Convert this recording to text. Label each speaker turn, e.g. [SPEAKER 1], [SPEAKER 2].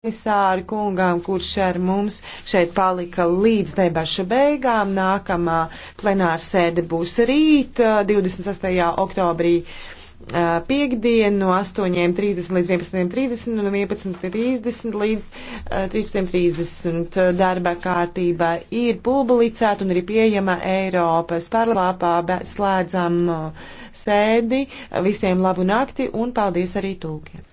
[SPEAKER 1] komisāru kungām, kurš ar mums šeit palika līdz debašu beigām. Nākamā plenāra sēde būs rīt, 28. oktobrī. Piektdien no 8.30 līdz 11.30 un no 11.30 līdz 13.30 darba kārtība ir publicēta un arī pieejama Eiropas parlapā, bet slēdzam sēdi. Visiem labu nakti un paldies arī tūkiem!